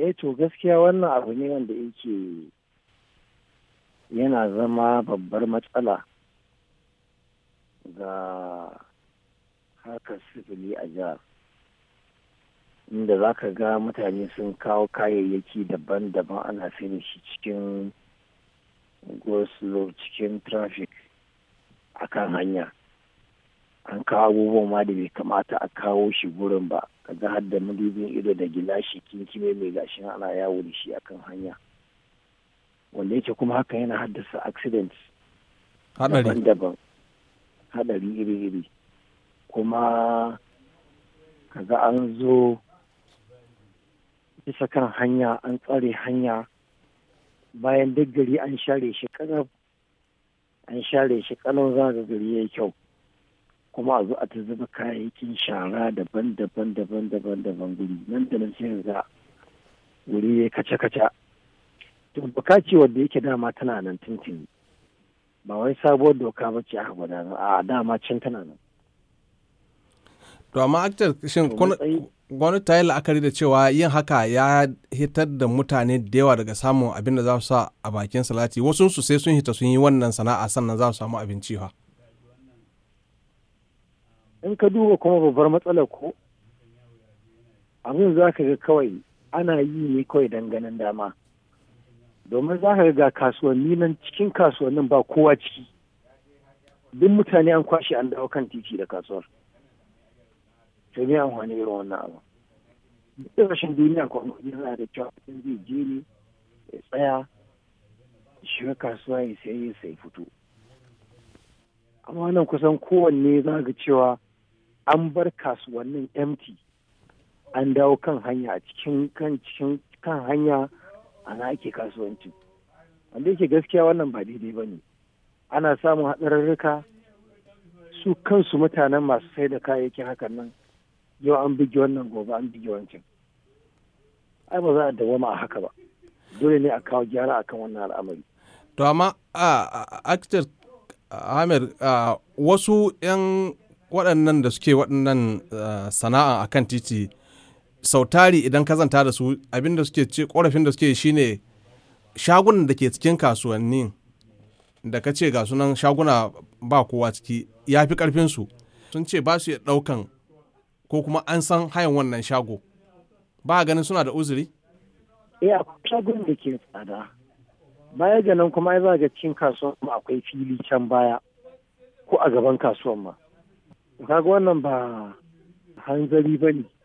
eh to gaskiya wannan abu ne wanda yake yana zama babbar matsala ga harkar sifili a jihar inda za ka ga mutane sun kawo kayayyaki daban-daban ana sai shi cikin go cikin traffic kan hanya an kawo abubuwan ma da bai kamata a kawo shi gurin ba ga har da madubin ido da gilashi kinkime mai gashin ana yawo da shi akan hanya wanda yake kuma haka yana haddasa accident daban-daban hadari iri-iri kuma kaga an zo bisa kan hanya an tsare hanya bayan duk gari an share shi kanar an share shi kanar za ga gari yayi kyau kuma a zo a ta zuba kayayyakin shara daban-daban daban-daban daban guri nan da nan sai ga wuri ya kaca-kaca to bukaci wanda yake dama tana nan tuntun ba wai sabuwar doka ba ce aka gudanar a dama can tana nan to amma aktar shin kwanu ta yi la'akari da cewa yin haka ya hitar da mutane da yawa daga samun abin da za su sa a bakin salati wasu su sai sun hita sun yi wannan sana'a sannan za su samu abinci fa in ka duba kuma babbar matsalar ko abin za ka ga kawai ana yi ne kawai danganin dama domin za ka ga kasuwanni nan cikin kasuwannin ba kowa ciki duk mutane an kwashe an dawo kan titi da kasuwar to me amfani irin wannan abu duk rashin duniya ko amfani yana da cewa mutum zai je ne ya tsaya shiga kasuwa ya sai ya sai fito amma nan kusan kowanne za ga cewa an bar kasuwannin empty an dawo kan hanya a cikin kan cikin kan hanya ana ake kasuwanci wanda yake gaskiya wannan ba daidai ba ne ana samun haɗararruka su kansu mutanen masu sai da kayayyakin hakan nan yau an bige wannan gobe an bige wancan ai ba za a dawama a haka ba dole ne a kawo gyara akan wannan al'amari to amma a actor Amir wasu 'yan waɗannan da suke waɗannan eh, sana'a a kan titi sautari idan ka zanta da su abin da suke ce ƙorafin da suke shine shagunan da ke cikin kasuwannin da ka ce ga sunan shaguna ba kowa ciki ya fi ƙarfinsu sun ce ba su iya ɗaukan ko kuma an san hayan wannan shago ba ganin suna da uzuri? Eh, iya shagunan da ke tsada baya ga nan kuma ya zaga cikin kasuwan akwai fili can baya ko a gaban kasuwan ma kaga wannan ba hanzari ba ne